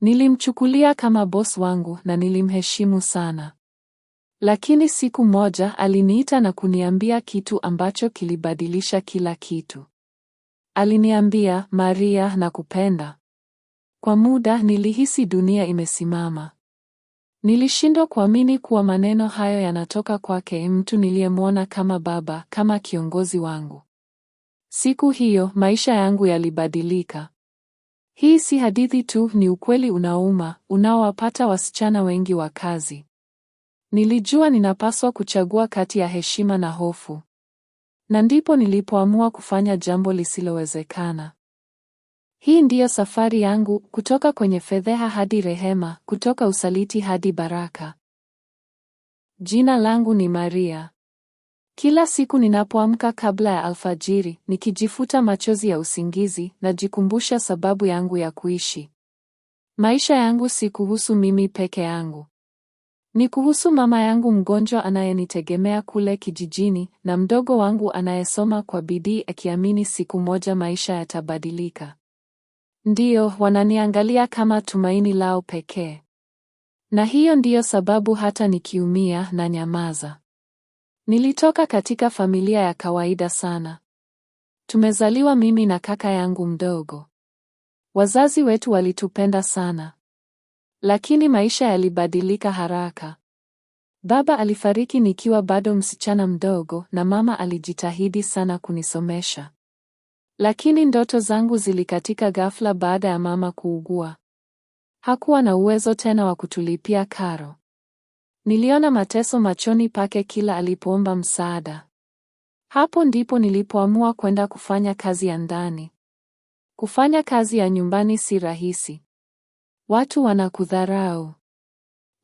Nilimchukulia kama boss wangu na nilimheshimu sana. Lakini siku moja aliniita na kuniambia kitu ambacho kilibadilisha kila kitu. Aliniambia, Maria, nakupenda. Kwa muda nilihisi dunia imesimama. Nilishindwa kuamini kuwa maneno hayo yanatoka kwake, mtu niliyemwona kama baba, kama kiongozi wangu. Siku hiyo maisha yangu yalibadilika. Hii si hadithi tu, ni ukweli unauma unaowapata wasichana wengi wa kazi. Nilijua ninapaswa kuchagua kati ya heshima na hofu, na ndipo nilipoamua kufanya jambo lisilowezekana. Hii ndiyo safari yangu, kutoka kwenye fedheha hadi rehema, kutoka usaliti hadi baraka. Jina langu ni Maria. Kila siku ninapoamka kabla ya alfajiri, nikijifuta machozi ya usingizi, najikumbusha sababu yangu ya kuishi. Maisha yangu si kuhusu mimi peke yangu. Ni kuhusu mama yangu mgonjwa anayenitegemea kule kijijini na mdogo wangu anayesoma kwa bidii akiamini siku moja maisha yatabadilika. Ndiyo, wananiangalia kama tumaini lao pekee. Na hiyo ndiyo sababu hata nikiumia na nyamaza. Nilitoka katika familia ya kawaida sana. Tumezaliwa mimi na kaka yangu mdogo. Wazazi wetu walitupenda sana. Lakini maisha yalibadilika haraka. Baba alifariki nikiwa bado msichana mdogo na mama alijitahidi sana kunisomesha. Lakini ndoto zangu zilikatika ghafla baada ya mama kuugua. Hakuwa na uwezo tena wa kutulipia karo. Niliona mateso machoni pake kila alipoomba msaada. Hapo ndipo nilipoamua kwenda kufanya kazi ya ndani. Kufanya kazi ya nyumbani si rahisi. Watu wanakudharau.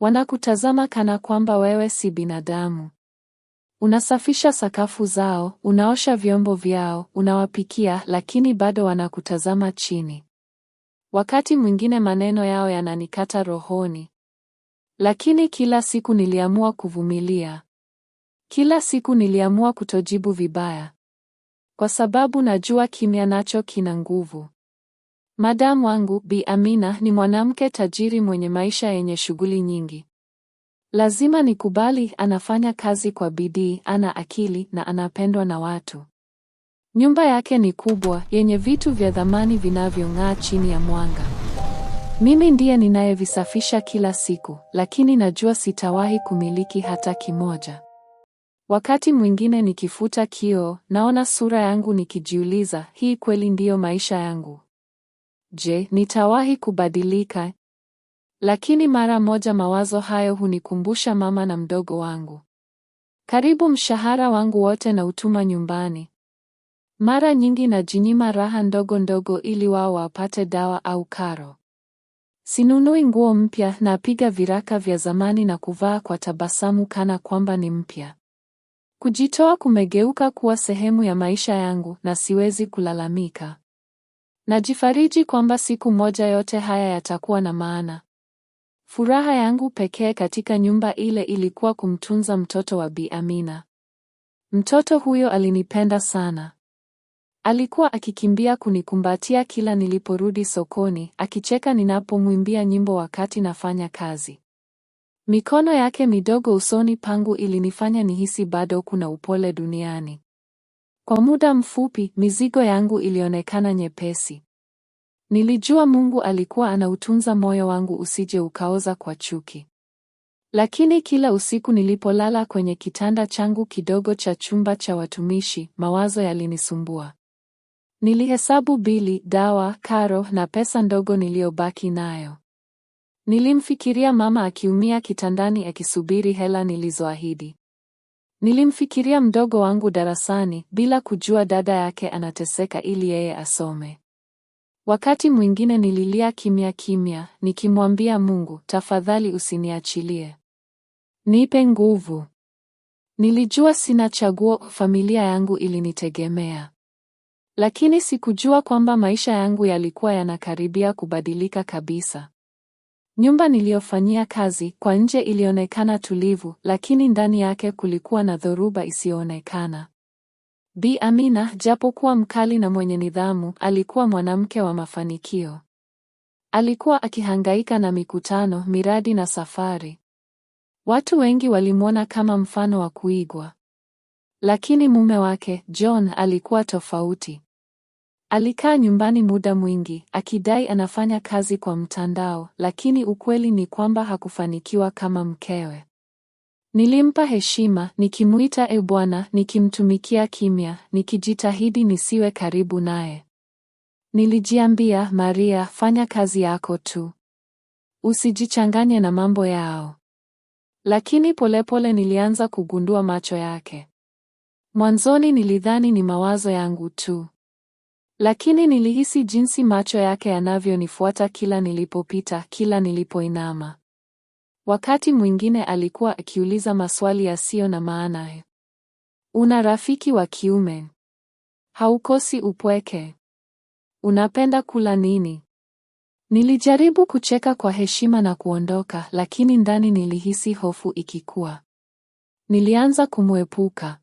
Wanakutazama kana kwamba wewe si binadamu. Unasafisha sakafu zao, unaosha vyombo vyao, unawapikia, lakini bado wanakutazama chini. Wakati mwingine maneno yao yananikata rohoni. Lakini kila siku niliamua kuvumilia. Kila siku niliamua kutojibu vibaya, kwa sababu najua kimya nacho kina nguvu. Madamu wangu Bi Amina ni mwanamke tajiri mwenye maisha yenye shughuli nyingi. Lazima nikubali, anafanya kazi kwa bidii, ana akili na anapendwa na watu. Nyumba yake ni kubwa, yenye vitu vya thamani vinavyong'aa chini ya mwanga. Mimi ndiye ninayevisafisha kila siku, lakini najua sitawahi kumiliki hata kimoja. Wakati mwingine nikifuta kioo, naona sura yangu nikijiuliza, hii kweli ndiyo maisha yangu? Je, nitawahi kubadilika? Lakini mara moja mawazo hayo hunikumbusha mama na mdogo wangu. Karibu mshahara wangu wote na utuma nyumbani. Mara nyingi najinyima raha ndogo ndogo ili wao wapate dawa au karo. Sinunui nguo mpya, napiga viraka vya zamani na kuvaa kwa tabasamu kana kwamba ni mpya. Kujitoa kumegeuka kuwa sehemu ya maisha yangu na siwezi kulalamika. Najifariji kwamba siku moja yote haya yatakuwa na maana. Furaha yangu pekee katika nyumba ile ilikuwa kumtunza mtoto wa Bi Amina. Mtoto huyo alinipenda sana. Alikuwa akikimbia kunikumbatia kila niliporudi sokoni, akicheka ninapomwimbia nyimbo wakati nafanya kazi. Mikono yake midogo usoni pangu ilinifanya nihisi bado kuna upole duniani. Kwa muda mfupi, mizigo yangu ilionekana nyepesi. Nilijua Mungu alikuwa anautunza moyo wangu usije ukaoza kwa chuki. Lakini kila usiku nilipolala kwenye kitanda changu kidogo cha chumba cha watumishi, mawazo yalinisumbua. Nilihesabu bili, dawa, karo na pesa ndogo niliyobaki nayo. Nilimfikiria mama akiumia kitandani akisubiri hela nilizoahidi. Nilimfikiria mdogo wangu darasani bila kujua dada yake anateseka ili yeye asome. Wakati mwingine nililia kimya kimya nikimwambia Mungu, tafadhali usiniachilie. Nipe nguvu. Nilijua sina chaguo, familia yangu ilinitegemea. Lakini sikujua kwamba maisha yangu yalikuwa yanakaribia kubadilika kabisa. Nyumba niliyofanyia kazi kwa nje ilionekana tulivu, lakini ndani yake kulikuwa na dhoruba isiyoonekana. Bi Amina, japokuwa mkali na mwenye nidhamu, alikuwa mwanamke wa mafanikio. Alikuwa akihangaika na mikutano, miradi na safari. Watu wengi walimwona kama mfano wa kuigwa. Lakini mume wake John alikuwa tofauti. Alikaa nyumbani muda mwingi akidai anafanya kazi kwa mtandao, lakini ukweli ni kwamba hakufanikiwa kama mkewe. Nilimpa heshima, nikimuita e bwana, nikimtumikia kimya, nikijitahidi nisiwe karibu naye. Nilijiambia, Maria, fanya kazi yako tu, usijichanganye na mambo yao. Lakini polepole nilianza kugundua macho yake. Mwanzoni nilidhani ni mawazo yangu tu, lakini nilihisi jinsi macho yake yanavyonifuata kila nilipopita, kila nilipoinama. Wakati mwingine alikuwa akiuliza maswali yasiyo na maana. Una rafiki wa kiume? Haukosi upweke? Unapenda kula nini? Nilijaribu kucheka kwa heshima na kuondoka, lakini ndani nilihisi hofu ikikua. Nilianza kumwepuka.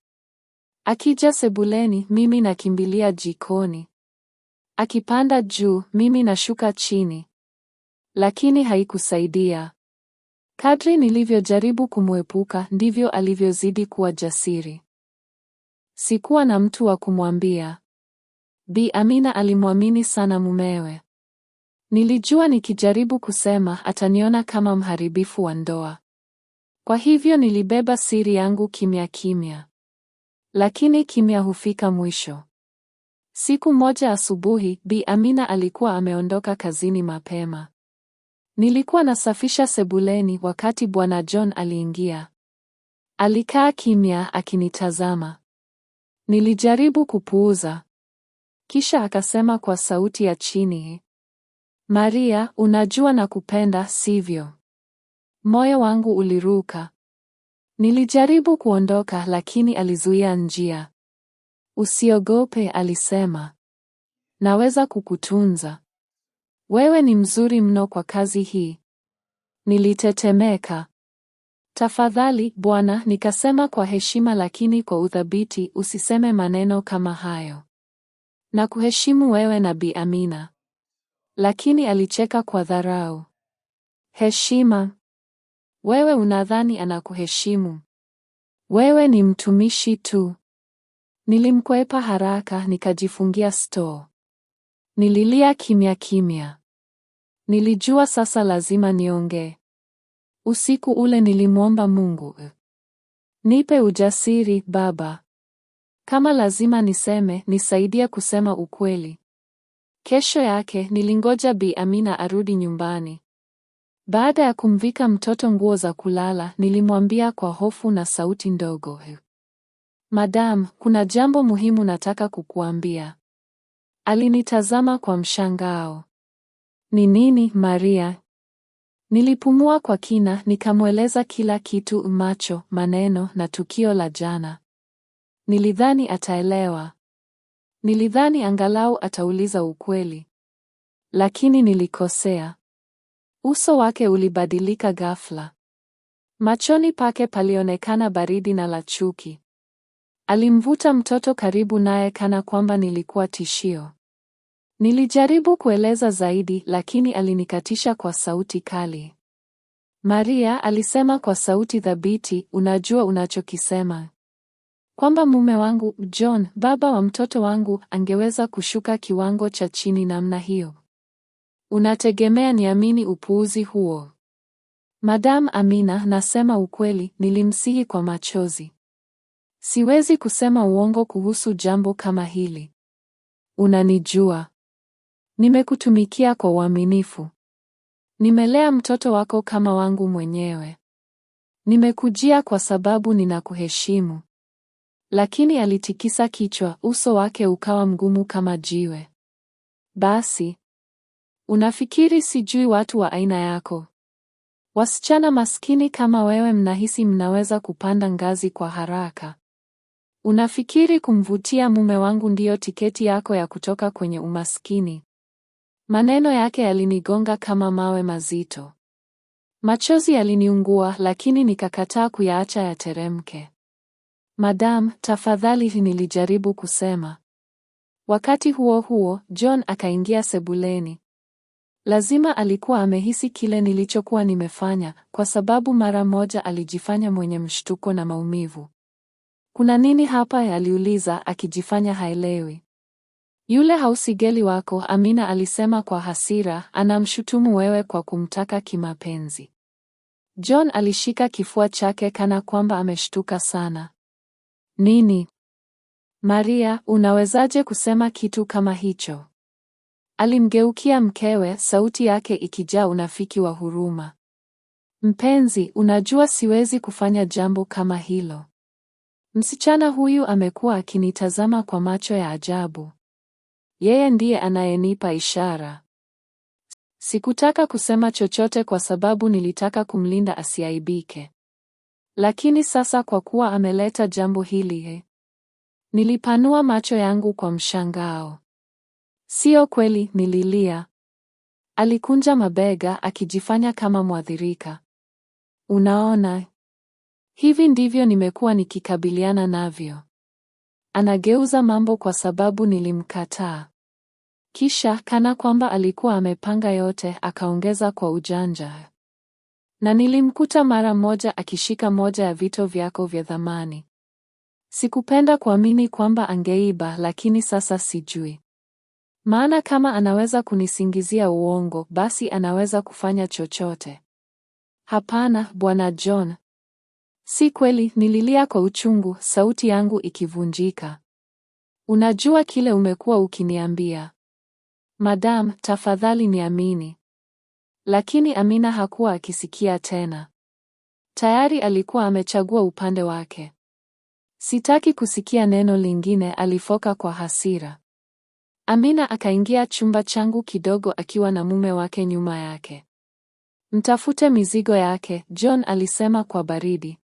Akija sebuleni, mimi nakimbilia jikoni. Akipanda juu, mimi nashuka chini. Lakini haikusaidia. Kadri nilivyojaribu kumwepuka, ndivyo alivyozidi kuwa jasiri. Sikuwa na mtu wa kumwambia. Bi Amina alimwamini sana mumewe. Nilijua nikijaribu kusema ataniona kama mharibifu wa ndoa. Kwa hivyo nilibeba siri yangu kimya kimya. Lakini kimya hufika mwisho. Siku moja asubuhi, Bi Amina alikuwa ameondoka kazini mapema. Nilikuwa nasafisha sebuleni wakati Bwana John aliingia. Alikaa kimya akinitazama. Nilijaribu kupuuza. Kisha akasema kwa sauti ya chini, Maria, unajua nakupenda, sivyo? Moyo wangu uliruka. Nilijaribu kuondoka lakini alizuia njia. Usiogope, alisema, naweza kukutunza. Wewe ni mzuri mno kwa kazi hii. Nilitetemeka. Tafadhali bwana, nikasema kwa heshima lakini kwa uthabiti, usiseme maneno kama hayo. Na kuheshimu wewe na Bi Amina. Lakini alicheka kwa dharau. Heshima? Wewe unadhani anakuheshimu? Wewe ni mtumishi tu. Nilimkwepa haraka nikajifungia store. Nililia kimya kimya. Nilijua sasa lazima niongee. Usiku ule nilimwomba Mungu, eh, nipe ujasiri Baba, kama lazima niseme, nisaidia kusema ukweli. Kesho yake nilingoja Bi Amina arudi nyumbani. Baada ya kumvika mtoto nguo za kulala, nilimwambia kwa hofu na sauti ndogo, eh, Madam, kuna jambo muhimu nataka kukuambia. Alinitazama kwa mshangao. Ni nini, Maria? Nilipumua kwa kina, nikamweleza kila kitu, macho, maneno na tukio la jana. Nilidhani ataelewa. Nilidhani angalau atauliza ukweli. Lakini nilikosea. Uso wake ulibadilika ghafla. Machoni pake palionekana baridi na la chuki. Alimvuta mtoto karibu naye kana kwamba nilikuwa tishio. Nilijaribu kueleza zaidi, lakini alinikatisha kwa sauti kali. Maria alisema kwa sauti thabiti, unajua unachokisema, kwamba mume wangu John, baba wa mtoto wangu, angeweza kushuka kiwango cha chini namna hiyo. Unategemea niamini upuuzi huo? Madam Amina, nasema ukweli, nilimsihi kwa machozi. Siwezi kusema uongo kuhusu jambo kama hili. Unanijua. Nimekutumikia kwa uaminifu. Nimelea mtoto wako kama wangu mwenyewe. Nimekujia kwa sababu ninakuheshimu. Lakini alitikisa kichwa, uso wake ukawa mgumu kama jiwe. Basi, unafikiri sijui watu wa aina yako? Wasichana maskini kama wewe mnahisi mnaweza kupanda ngazi kwa haraka. Unafikiri kumvutia mume wangu ndiyo tiketi yako ya kutoka kwenye umaskini? Maneno yake yalinigonga kama mawe mazito. Machozi yaliniungua, lakini nikakataa kuyaacha yateremke. Madam, tafadhali, nilijaribu kusema. Wakati huo huo, John akaingia sebuleni. Lazima alikuwa amehisi kile nilichokuwa nimefanya, kwa sababu mara moja alijifanya mwenye mshtuko na maumivu. Kuna nini hapa? aliuliza akijifanya haelewi. Yule hausigeli wako, Amina alisema kwa hasira, anamshutumu wewe kwa kumtaka kimapenzi. John alishika kifua chake kana kwamba ameshtuka sana. Nini? Maria, unawezaje kusema kitu kama hicho? Alimgeukia mkewe, sauti yake ikijaa unafiki wa huruma. Mpenzi, unajua siwezi kufanya jambo kama hilo. Msichana huyu amekuwa akinitazama kwa macho ya ajabu. Yeye ndiye anayenipa ishara. Sikutaka kusema chochote kwa sababu nilitaka kumlinda asiaibike. Lakini sasa kwa kuwa ameleta jambo hili he. Nilipanua macho yangu kwa mshangao. Sio kweli, nililia. Alikunja mabega akijifanya kama mwathirika. Unaona, Hivi ndivyo nimekuwa nikikabiliana navyo. Anageuza mambo kwa sababu nilimkataa. Kisha kana kwamba alikuwa amepanga yote, akaongeza kwa ujanja. Na nilimkuta mara moja akishika moja ya vito vyako vya thamani. Sikupenda kuamini kwamba angeiba, lakini sasa sijui. Maana kama anaweza kunisingizia uongo, basi anaweza kufanya chochote. Hapana, Bwana John, Si kweli, nililia kwa uchungu, sauti yangu ikivunjika. Unajua kile umekuwa ukiniambia. Madam, tafadhali niamini. Lakini Amina hakuwa akisikia tena. Tayari alikuwa amechagua upande wake. Sitaki kusikia neno lingine, alifoka kwa hasira. Amina akaingia chumba changu kidogo akiwa na mume wake nyuma yake. Mtafute mizigo yake, John alisema kwa baridi.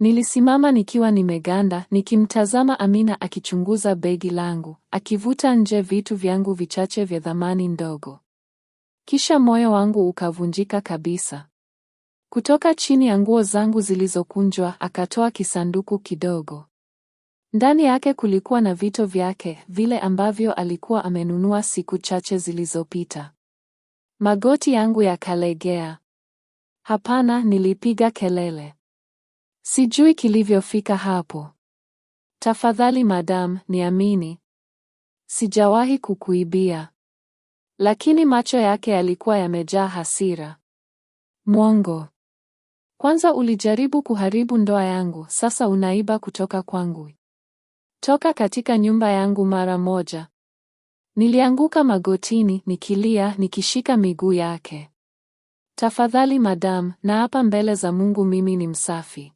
Nilisimama nikiwa nimeganda, nikimtazama Amina akichunguza begi langu, akivuta nje vitu vyangu vichache vya thamani ndogo. Kisha moyo wangu ukavunjika kabisa. Kutoka chini ya nguo zangu zilizokunjwa, akatoa kisanduku kidogo. Ndani yake kulikuwa na vito vyake, vile ambavyo alikuwa amenunua siku chache zilizopita. Magoti yangu yakalegea. Hapana, nilipiga kelele. Sijui kilivyofika hapo. Tafadhali madam, niamini. Sijawahi kukuibia. Lakini macho yake yalikuwa yamejaa hasira. Mwongo. Kwanza ulijaribu kuharibu ndoa yangu, sasa unaiba kutoka kwangu. Toka katika nyumba yangu mara moja. Nilianguka magotini nikilia, nikishika miguu yake. Tafadhali madam, hapa mbele za Mungu mimi ni msafi.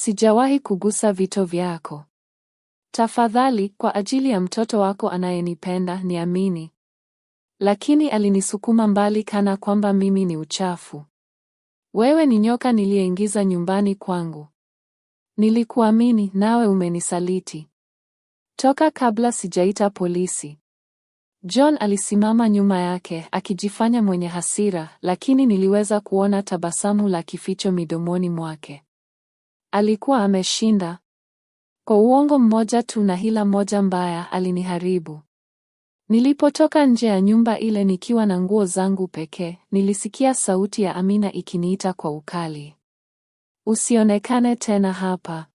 Sijawahi kugusa vito vyako. Tafadhali, kwa ajili ya mtoto wako anayenipenda, niamini. Lakini alinisukuma mbali kana kwamba mimi ni uchafu. Wewe ni nyoka niliyeingiza nyumbani kwangu. Nilikuamini nawe umenisaliti. Toka kabla sijaita polisi. John alisimama nyuma yake akijifanya mwenye hasira, lakini niliweza kuona tabasamu la kificho midomoni mwake. Alikuwa ameshinda. Kwa uongo mmoja tu na hila moja mbaya aliniharibu. Nilipotoka nje ya nyumba ile nikiwa na nguo zangu pekee, nilisikia sauti ya Amina ikiniita kwa ukali. Usionekane tena hapa.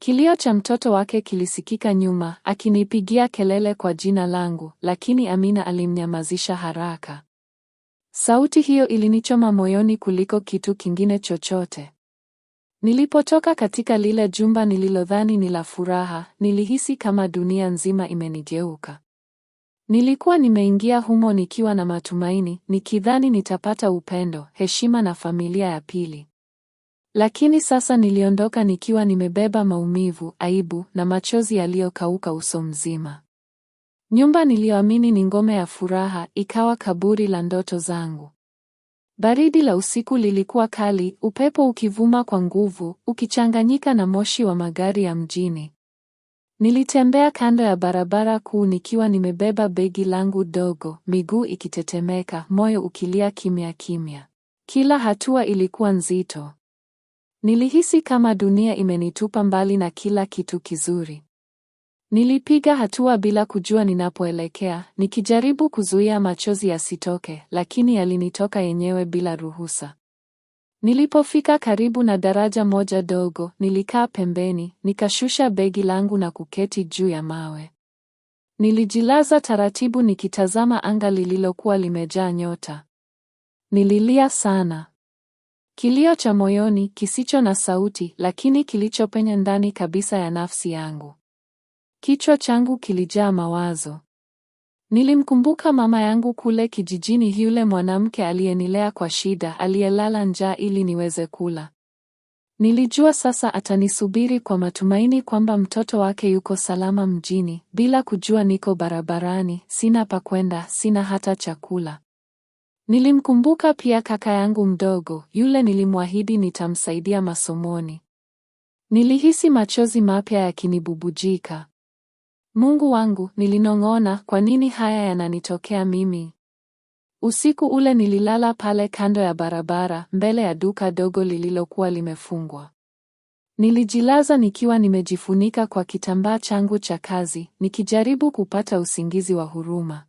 Kilio cha mtoto wake kilisikika nyuma, akinipigia kelele kwa jina langu, lakini Amina alimnyamazisha haraka. Sauti hiyo ilinichoma moyoni kuliko kitu kingine chochote. Nilipotoka katika lile jumba nililodhani ni la furaha, nilihisi kama dunia nzima imenigeuka. Nilikuwa nimeingia humo nikiwa na matumaini, nikidhani nitapata upendo, heshima na familia ya pili. Lakini sasa niliondoka nikiwa nimebeba maumivu, aibu na machozi yaliyokauka uso mzima. Nyumba niliyoamini ni ngome ya furaha ikawa kaburi la ndoto zangu. Baridi la usiku lilikuwa kali, upepo ukivuma kwa nguvu, ukichanganyika na moshi wa magari ya mjini. Nilitembea kando ya barabara kuu nikiwa nimebeba begi langu dogo, miguu ikitetemeka, moyo ukilia kimya kimya. Kila hatua ilikuwa nzito. Nilihisi kama dunia imenitupa mbali na kila kitu kizuri. Nilipiga hatua bila kujua ninapoelekea, nikijaribu kuzuia machozi yasitoke, lakini yalinitoka yenyewe bila ruhusa. Nilipofika karibu na daraja moja dogo, nilikaa pembeni, nikashusha begi langu na kuketi juu ya mawe. Nilijilaza taratibu nikitazama anga lililokuwa limejaa nyota. Nililia sana. Kilio cha moyoni kisicho na sauti, lakini kilichopenya ndani kabisa ya nafsi yangu. Kichwa changu kilijaa mawazo. Nilimkumbuka mama yangu kule kijijini, yule mwanamke aliyenilea kwa shida, aliyelala njaa ili niweze kula. Nilijua sasa atanisubiri kwa matumaini kwamba mtoto wake yuko salama mjini, bila kujua niko barabarani, sina pa kwenda, sina hata chakula. Nilimkumbuka pia kaka yangu mdogo, yule nilimwahidi nitamsaidia masomoni. Nilihisi machozi mapya yakinibubujika. Mungu wangu, nilinong'ona, kwa nini haya yananitokea mimi? Usiku ule nililala pale kando ya barabara, mbele ya duka dogo lililokuwa limefungwa. Nilijilaza nikiwa nimejifunika kwa kitambaa changu cha kazi, nikijaribu kupata usingizi wa huruma.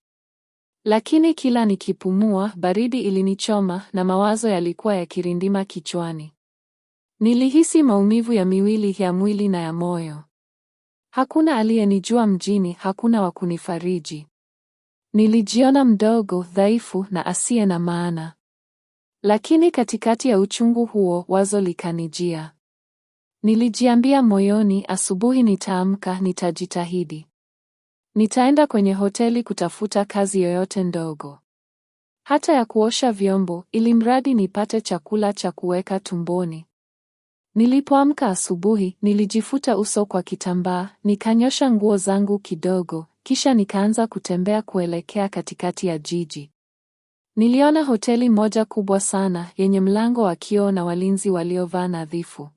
Lakini kila nikipumua, baridi ilinichoma na mawazo yalikuwa yakirindima kichwani. Nilihisi maumivu ya miwili ya mwili na ya moyo. Hakuna aliyenijua mjini, hakuna wa kunifariji. Nilijiona mdogo, dhaifu na asiye na maana. Lakini katikati ya uchungu huo, wazo likanijia. Nilijiambia moyoni, asubuhi nitaamka, nitajitahidi. Nitaenda kwenye hoteli kutafuta kazi yoyote ndogo, hata ya kuosha vyombo, ili mradi nipate chakula cha kuweka tumboni. Nilipoamka asubuhi, nilijifuta uso kwa kitambaa, nikanyosha nguo zangu kidogo, kisha nikaanza kutembea kuelekea katikati ya jiji. Niliona hoteli moja kubwa sana yenye mlango wa kioo na walinzi waliovaa nadhifu.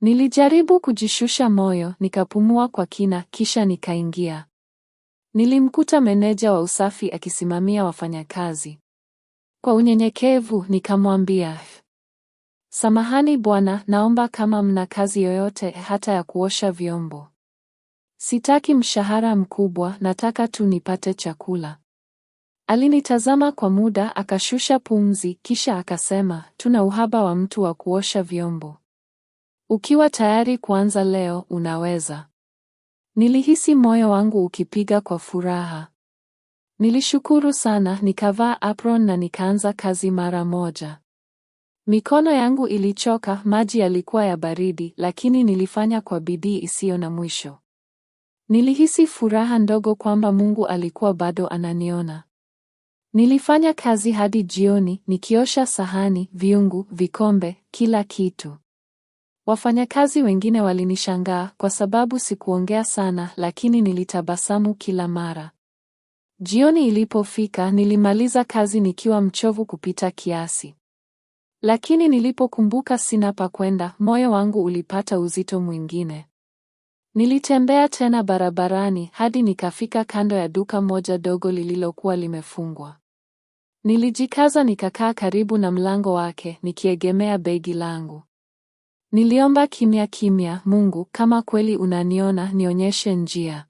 Nilijaribu kujishusha moyo, nikapumua kwa kina, kisha nikaingia. Nilimkuta meneja wa usafi akisimamia wafanyakazi. Kwa unyenyekevu nikamwambia Samahani bwana, naomba kama mna kazi yoyote hata ya kuosha vyombo. Sitaki mshahara mkubwa, nataka tu nipate chakula. Alinitazama kwa muda, akashusha pumzi, kisha akasema, tuna uhaba wa mtu wa kuosha vyombo. Ukiwa tayari kuanza leo, unaweza. Nilihisi moyo wangu ukipiga kwa furaha. Nilishukuru sana, nikavaa apron na nikaanza kazi mara moja. Mikono yangu ilichoka, maji yalikuwa ya baridi, lakini nilifanya kwa bidii isiyo na mwisho. Nilihisi furaha ndogo kwamba Mungu alikuwa bado ananiona. Nilifanya kazi hadi jioni, nikiosha sahani, viungu, vikombe, kila kitu. Wafanyakazi wengine walinishangaa kwa sababu sikuongea sana, lakini nilitabasamu kila mara. Jioni ilipofika, nilimaliza kazi nikiwa mchovu kupita kiasi. Lakini nilipokumbuka sina pa kwenda, moyo wangu ulipata uzito mwingine. Nilitembea tena barabarani hadi nikafika kando ya duka moja dogo lililokuwa limefungwa. Nilijikaza nikakaa karibu na mlango wake nikiegemea begi langu. Niliomba kimya kimya, Mungu, kama kweli unaniona, nionyeshe njia.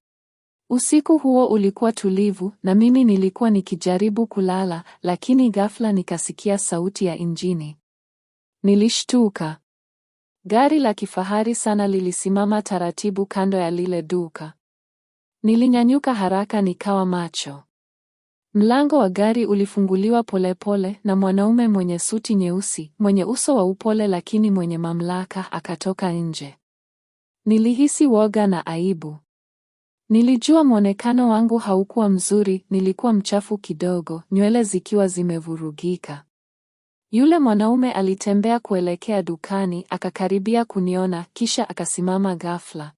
Usiku huo ulikuwa tulivu na mimi nilikuwa nikijaribu kulala, lakini ghafla nikasikia sauti ya injini. Nilishtuka. Gari la kifahari sana lilisimama taratibu kando ya lile duka. Nilinyanyuka haraka nikawa macho. Mlango wa gari ulifunguliwa polepole pole, na mwanaume mwenye suti nyeusi, mwenye uso wa upole lakini mwenye mamlaka akatoka nje. Nilihisi woga na aibu. Nilijua mwonekano wangu haukuwa mzuri, nilikuwa mchafu kidogo, nywele zikiwa zimevurugika. Yule mwanaume alitembea kuelekea dukani, akakaribia kuniona, kisha akasimama ghafla.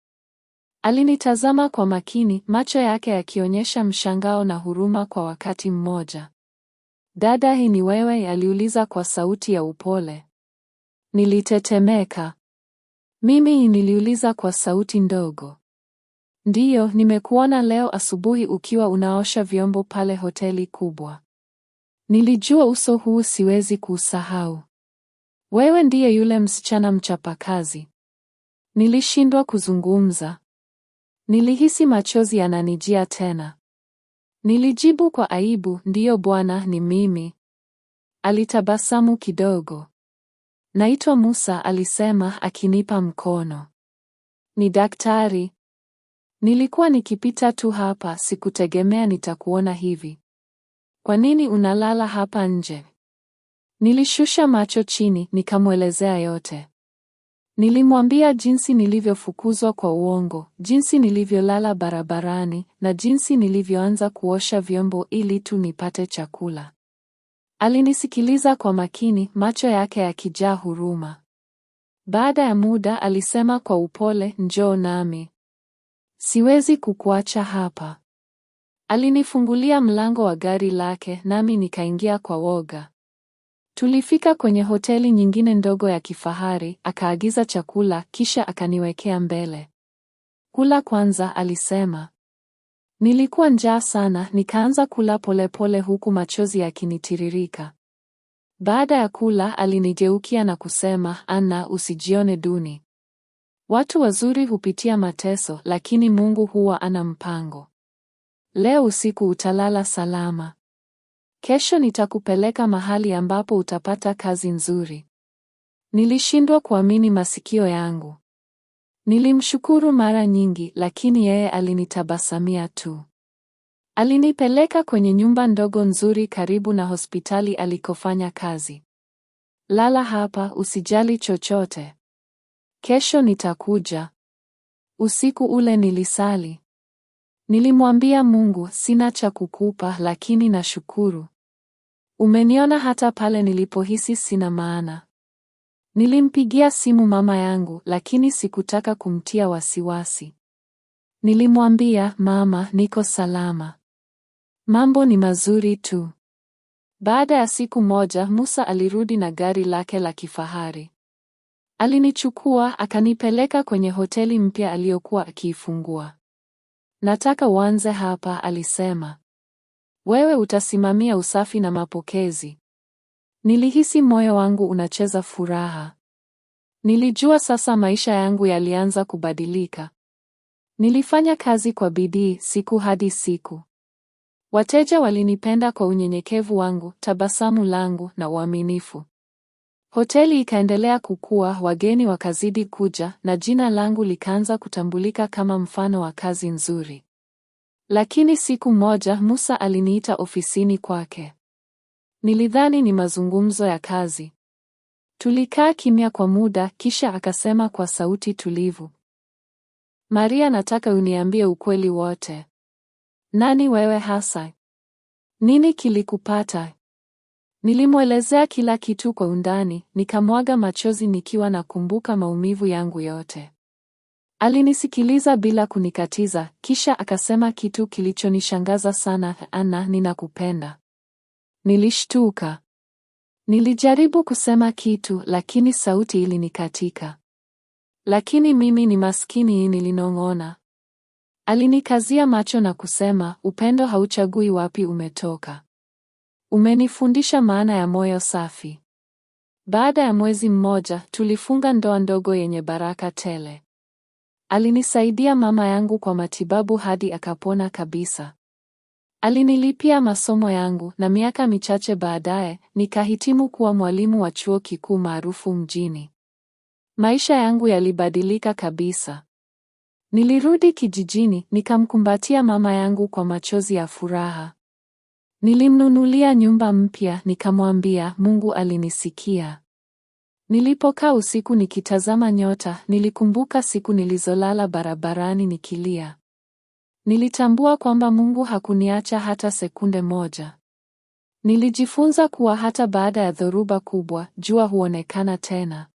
Alinitazama kwa makini, macho yake yakionyesha mshangao na huruma kwa wakati mmoja. Dada, hii ni wewe? aliuliza kwa sauti ya upole. Nilitetemeka. Mimi? niliuliza kwa sauti ndogo. Ndiyo, nimekuona leo asubuhi ukiwa unaosha vyombo pale hoteli kubwa. Nilijua uso huu siwezi kuusahau. Wewe ndiye yule msichana mchapakazi. Nilishindwa kuzungumza. Nilihisi machozi yananijia tena. Nilijibu kwa aibu, ndiyo bwana, ni mimi. Alitabasamu kidogo. Naitwa Musa, alisema akinipa mkono. Ni daktari. Nilikuwa nikipita tu hapa, sikutegemea nitakuona hivi. Kwa nini unalala hapa nje? Nilishusha macho chini, nikamwelezea yote. Nilimwambia jinsi nilivyofukuzwa kwa uongo, jinsi nilivyolala barabarani na jinsi nilivyoanza kuosha vyombo ili tu nipate chakula. Alinisikiliza kwa makini, macho yake yakijaa huruma. Baada ya muda alisema kwa upole, njoo nami. Siwezi kukuacha hapa. Alinifungulia mlango wa gari lake nami nikaingia kwa woga. Tulifika kwenye hoteli nyingine ndogo ya kifahari, akaagiza chakula kisha akaniwekea mbele. Kula kwanza, alisema. Nilikuwa njaa sana, nikaanza kula polepole pole huku machozi yakinitiririka. Baada ya kula, alinigeukia na kusema, Anna, usijione duni. Watu wazuri hupitia mateso, lakini Mungu huwa ana mpango. Leo usiku utalala salama. Kesho nitakupeleka mahali ambapo utapata kazi nzuri. Nilishindwa kuamini masikio yangu. Nilimshukuru mara nyingi, lakini yeye alinitabasamia tu. Alinipeleka kwenye nyumba ndogo nzuri karibu na hospitali alikofanya kazi. Lala hapa, usijali chochote. Kesho nitakuja. Usiku ule nilisali. Nilimwambia Mungu, sina cha kukupa, lakini nashukuru. Umeniona hata pale nilipohisi sina maana. Nilimpigia simu mama yangu, lakini sikutaka kumtia wasiwasi. Nilimwambia, mama, niko salama. Mambo ni mazuri tu. Baada ya siku moja, Musa alirudi na gari lake la kifahari. Alinichukua akanipeleka kwenye hoteli mpya aliyokuwa akiifungua. Nataka uanze hapa, alisema. Wewe utasimamia usafi na mapokezi. Nilihisi moyo wangu unacheza furaha. Nilijua sasa maisha yangu yalianza kubadilika. Nilifanya kazi kwa bidii siku hadi siku. Wateja walinipenda kwa unyenyekevu wangu, tabasamu langu na uaminifu. Hoteli ikaendelea kukua, wageni wakazidi kuja na jina langu likaanza kutambulika kama mfano wa kazi nzuri. Lakini siku moja Musa aliniita ofisini kwake. Nilidhani ni mazungumzo ya kazi. Tulikaa kimya kwa muda, kisha akasema kwa sauti tulivu, Maria, nataka uniambie ukweli wote. Nani wewe hasa? Nini kilikupata? Nilimwelezea kila kitu kwa undani, nikamwaga machozi nikiwa nakumbuka maumivu yangu yote. Alinisikiliza bila kunikatiza, kisha akasema kitu kilichonishangaza sana, Anna, ninakupenda. Nilishtuka. Nilijaribu kusema kitu lakini sauti ilinikatika. Lakini mimi ni maskini, nilinong'ona. Alinikazia macho na kusema, upendo hauchagui wapi umetoka. Umenifundisha maana ya moyo safi. Baada ya mwezi mmoja, tulifunga ndoa ndogo yenye baraka tele. Alinisaidia mama yangu kwa matibabu hadi akapona kabisa. Alinilipia masomo yangu na miaka michache baadaye nikahitimu kuwa mwalimu wa chuo kikuu maarufu mjini. Maisha yangu yalibadilika kabisa. Nilirudi kijijini nikamkumbatia mama yangu kwa machozi ya furaha. Nilimnunulia nyumba mpya, nikamwambia Mungu alinisikia. Nilipokaa usiku nikitazama nyota, nilikumbuka siku nilizolala barabarani nikilia. Nilitambua kwamba Mungu hakuniacha hata sekunde moja. Nilijifunza kuwa hata baada ya dhoruba kubwa, jua huonekana tena.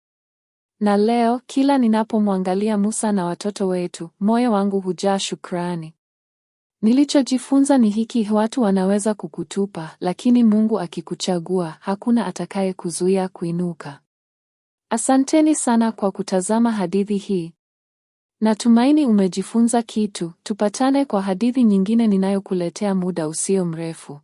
Na leo kila ninapomwangalia Musa na watoto wetu, moyo wangu hujaa shukrani. Nilichojifunza ni hiki: watu wanaweza kukutupa, lakini Mungu akikuchagua, hakuna atakaye kuzuia kuinuka. Asanteni sana kwa kutazama hadithi hii. Natumaini umejifunza kitu. Tupatane kwa hadithi nyingine ninayokuletea muda usio mrefu.